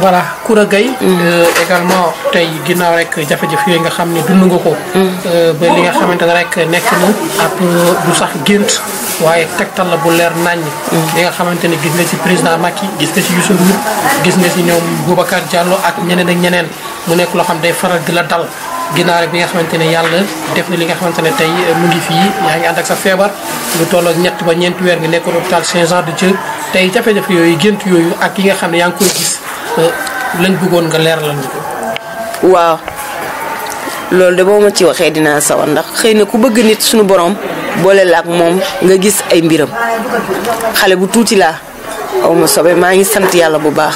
voilà Koura gay également tay ginaaw rek jafe-jafe yooyu nga xam dund nga ko mm. euh, ba li nga xamante rek nekk na ab du sax gént waaye tegtal la bu leer nañ mm. li nga xamante gis nga ci président Macky gis nga ci Youssou Ndour gis nga ci Boubacar Diallo ak ñeneen ak ñeneen mu nekk loo xam day faral di la dal ginnaar bi nga xamantene yalla def na li nga xamantene tay mu ngi fi ya nga ànd ak sa febar lu toll ñett ba ñent wër nga nekkoon hôpital Saint Jean de Dieu tay jafé jafé yoyu gënt yoyu ak yi nga xam ne ngi koy gis lañ bëggoon nga leeralal ñu waaw loolu de boo ma ci waxee dinaa sawar ndax xëy na ku bëgg nit suñu boroom boole laa ak moom nga gis ay mbiram xale bu tuuti laa aw ma maa ngi sant yàlla bu baax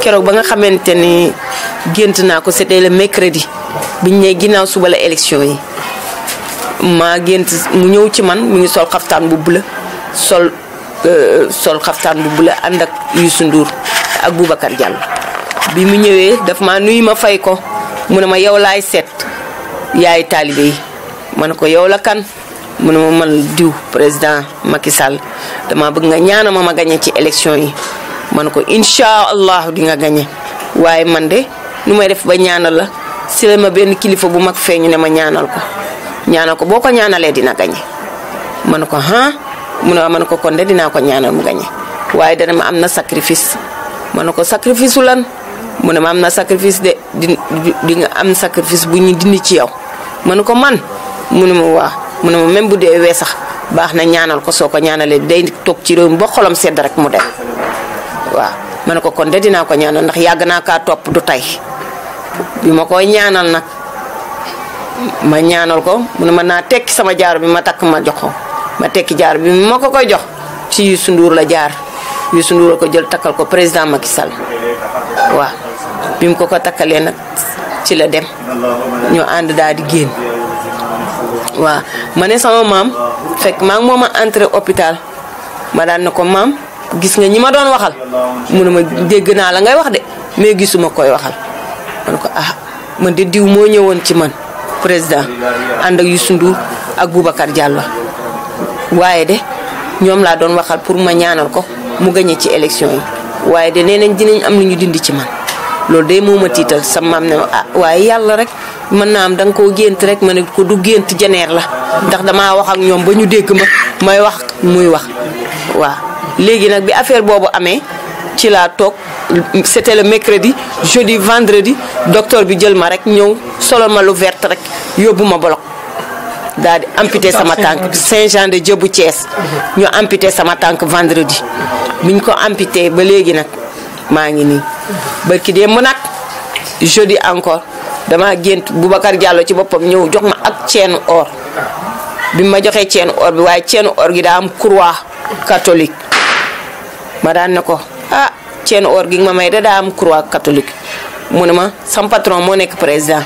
keroog ba nga xamante ni gént naa ko c'était le crédit biñ ne ginnaaw suba la élection yi maa gént mu ñëw ci man mu ngi sol xaftaan bu bula sol euh, sol xaftaan bu bula ànd ak Youssou Ndour ak Boubacar Diallo bi mu ñëwé daf ma nuy ma fay ko mu ne ma yow lay set yaay talibé yi ne ko yow la kan mu ne ma man diw président Macky Sall dama bëgg nga ma ma gagné ci élection yi ko insha allah di nga gagné waye man dé nu may def ba ñaanal la si la ma benn kilifa bu mag feeñu ne ma ñaanal ko ñaanal ko boko ñaanalé dina gagné ko ha ah? mu ne ma ne ko kon dé dina ko ñaanal mu gagné waye dana ma amna sacrifice ma ko sacrifice lan mu ne ma sacrifice de di nga am sacrifice bu ñu dindi ci yow ma ko man mu ne ma waa mo ne ma même bu dee wé sax baax na ñaanal ko soko ko day toog ci réew bo xolam sedd rek mu dem wa ma ko kon de dina ko ñaanal ndax yag na ka top du tay bi koy ñaanal nak ma ñaanal ko mu ne ma tekki sama jaar bi ma tak ma jox ko ma tekki jaar bi mako koy jox ci sundur la jaar Youssou Ndour ko jël takal ko président Macky Sall wa bim ko ko takalé nak ci la dem ñu and daal di génn wa mané sama mam fek ma ngi moma entré hôpital ma daan nako mam gis nga ñima doon waxal ma dégg na la ngay wax dé mais gisuma koy waxal man ko ah man de diw mo ñëwoon ci man président and ak ak Boubacar Diallo de ñom la doon waxal pour ma ñaanal ko mu gañe ci élection yi waaye de nee nañ dinañ am lu ñu dindi ci man loolu day moo ma tiital sa maam ne ah waaye yàlla rek mën naa am da nga koo gént rek ma ne ko du gént janeer la ndax damaa wax ak ñoom ba ñu dégg ma may wax muy wax waaw léegi nag bi affaire boobu amee ci laa toog c'était le mercredi jeudi vendredi docteur bi jël ma rek ñëw solo ma lu vert rek yóbbu ma bolok daal di amputé sama tànk Saint-Jean de Dieu cees mhm. ñu amputé sama tànk vendredi biñ ko amputé ba léegi nag maa ngi nii barki dee mu nag jeudi encore damaa gént bu bakar Diallo ci boppam ñëw jox ma ak ceenu or bi ma joxee ceenu or bi ceenu or gi daa am croix catholique ma daan ne ko ah ceenu or gi ma may dadaa am croix catholique mu ne ma sam moo nekk président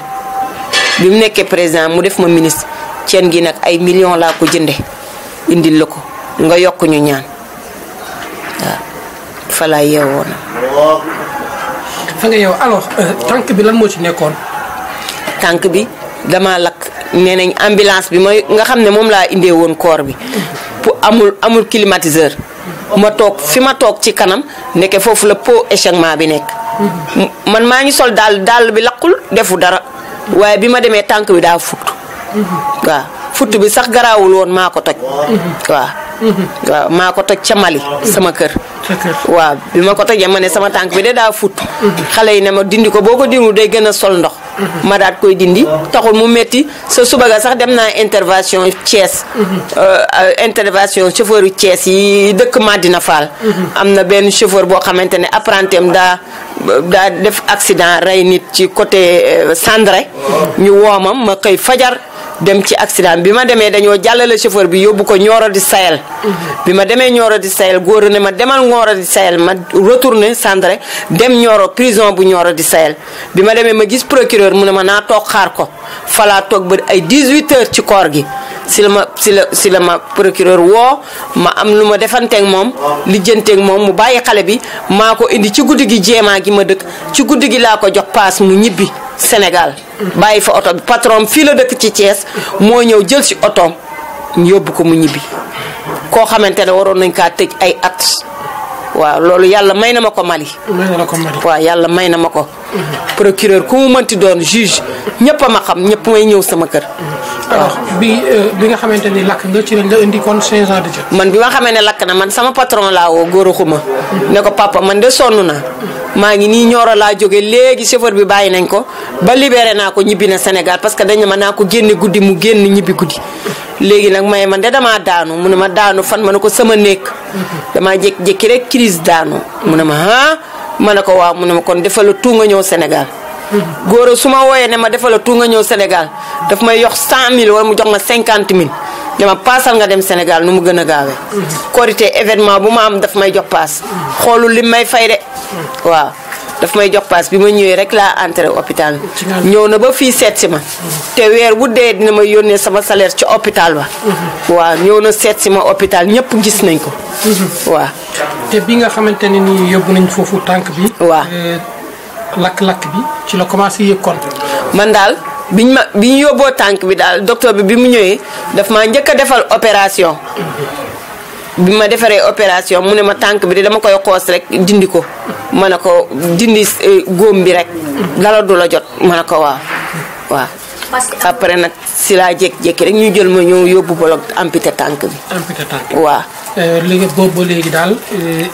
bi mu nekkee président mu def ma ministre ceen gi nag ay millions laa ko jënde indil la ko nga yokk ñu ñaan fa laa yeewoon. fa euh, tànk bi lan moo ci nekkoon. tànk bi dama lakk nee nañ ambulance bi may nga xam ne moom laa indee woon koor bi pour amul amul climatiseur. ma toog fi ma toog ci kanam nekke foofu la po échangement bi nekk. man maa ngi sol daal daal bi lakkul defu dara. waaye bi ma demee tànk bi daa futt. waaw futt bi sax garaawul woon maa ko toj. Mhm. Mhm. waaw. maa ko toj ca Mali sama kër. waaw bi ma ko tegee ma ne sama tànk bi de daa fut. xale yi ne ma dindi ko boo ko diwul day gën a sol ndox. ma daat koy dindi taxul mu metti sa suba ga sax dem naa intervention Thiès. Euh, euh, intervention chauffeur yu Thiès yi dëkk Madina Fall. am na benn chauffeur boo xamante ne apprenti daa daa def accident rey nit ci côté Sandré euh, ñu woomam ma xëy fajar. dem ci accident bi ma demee dañoo jàllale chauffeur bi yóbbu ko Nioro di Sahel. bi ma demee Nioro di Sahel góor ne ma demal Nioro di Sahel ma retourné Sandré dem Nioro prison bu Nioro di Sahel. bi ma demee ma gis procureur mu ne ma naa toog xaar ko falaa toog ba ay 18 heures ci koor gi si la ma si la si la ma procureur woo ma am lu ma defanteeg moom. lijjanteeg moom mu bàyyi xale bi maa ko indi ci guddi gi jéemaa gi ma dëkk ci guddi gi laa ko jox paas mu ñibbi. Sénégal bàyyi fa oto bi patron fii la dëkk ci Thiès moo ñëw jël si otoom yóbbu ko mu ñibbi koo xamante ne waroon nañ kaa tëj ay at waaw loolu yàlla may na ma ko Mali. waaw yàlla may na ma ko. procureur ku mu mënti doon juge ñëpp a ma xam ñëpp may ñëw sama kër. bi euh, bi nga xamante ni lakk nga ci nga indi kon 5 man bi ma xamee ne lakk na man sama patron laa woo góor ne ko papa man de sonn naa. maa ngi nii Nioro laa jóge léegi chauffeur bi bàyyi nañ ko ba libéré naa ko ñibbi na Sénégal parce que dañ ma naa ko génne guddi mu génn ñibbi guddi. léegi nag may man de damaa daanu mun ne ma daanu fan ma ne ko sama nekk damaa jékki-jékki rek crise daanu mu ne ma ah? ma ne ko waaw mu ne ma kon defal la tout nga ñëw Sénégal. góor su ma wooyee ne ma defal la tout nga ñëw Sénégal dafa may yox cent 100000 wala mu jox ma 50000. dama paasal nga dem Sénégal nu mu gën a gaawee. korité événement bu ma am daf may jox paas. xoolul li may fay de. waaw daf may jox paas bi ma ñëwee rek laa entré hôpital bi. ñëw na ba fii seetsi ma. te weer wu dee dina ma yónnee sama salaire ci hôpital ba. waaw ñëw na seet si ma hôpital ñëpp gis nañ ko. waaw. te bi nga xamante ne nii yóbbu nañ foofu tànk bi. waaw eh, lakk-lakk bi ci la commencé yëg kon. man daal. biñ ma bi ñu yóbboo tànk bi daal docteur bi bi mu ñëwee daf ma njëkk a defal opération bi ma defaree opération mu ne ma tànk bi dama koy xoos rek dindi ko ma ne ko dindi eh, góom bi rek dala du la jot ma ne ko waaw waaw parce que après nag si laa jékki-jékki rek ñu jël ma ñëw yóbbu bolog amputé tànk bi. amputé tànk bi waaw. Euh, léegi boobu ba léegi daal euh,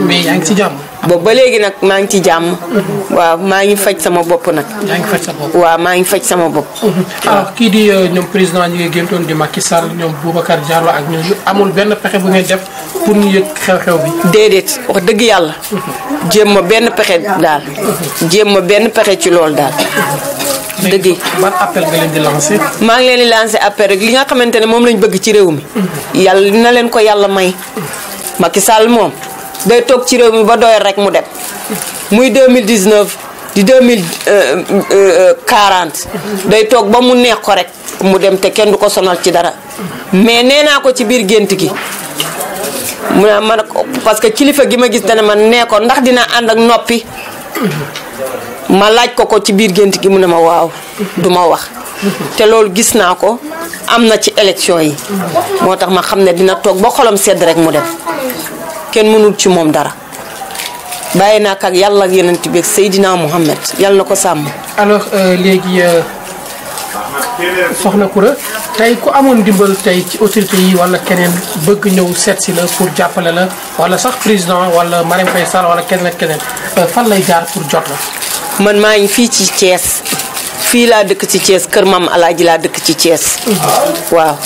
mais yaa ngi ci jàmm. boobu ba léegi nag maa ngi ci jàmm. Mhm. waaw maa ngi faj sama bopp nag. yaa ngi faj sa bopp. waaw maa ngi faj sama bopp. Mhm. kii di euh, ñoom président ñu nga géntoon di Macky Sall ñoom Boubacar Diallo ak ñoom amul benn pexe bu ngeen def pour ñu yëg xew-xew bi. déedéet wax dëgg yàlla. Mhm. jéem ma benn pexe daal. jéem ma benn pexe ci loolu daal. dëgg yi ban appel nga leen di maa ngi leen di lancer appel rek li nga xamante ne moom lañ bëgg ci réew mi. yàlla dina leen ko yàlla may. Macky Sall moom day toog ci réew mi ba doyal rek mu dem. muy mille 2019 di 2040. day toog ba mu neex ko rek mu dem te kenn du ko sonal ci dara. mais nee naa ko ci biir gént gi. mu ne man parce que kilifa gi ma gis dana man nee ko ndax dina ànd ak noppi. ma laaj ko ko ci biir gént gi mu ne ma waaw du ma wax te loolu gis naa ko am na ci élection yi moo tax ma xam ne dina toog ba xolam sedd rek mu def kenn mënul ci moom dara bàyyee naa ko ak yàlla ak yonent bi ak Seydina Mohamed yàlla na ko sàmm. alors euh, léegi euh, soxna Koura tey ku amoon dimbal tey ci autorité yi wala keneen bëgg ñëw seet si la pour jàppale la wala sax président wala Marème Faye Sall wala keneen ak keneen euh, fan lay jaar pour jot la. man maa ngi fii ci Thiès fii laa dëkk ci Thiès kër maam alaaji laa dëkk ci Thiès waaw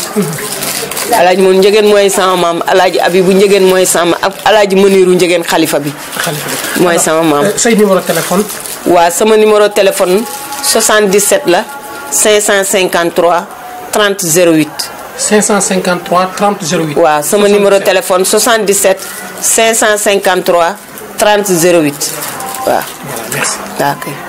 alaaji moom njëgeen mooy sama maam alaaji bu njëgeen mooy sama ak alaaji Muniru njëgeen xalifa bi mooy sama maam euh, say numéro téléphone waaw sama numéro téléphone 77 la 553 30 08 553 30 08 waaw sama numéro téléphone 77 553 30 08 Voilà. Voilà, merci. D'accord.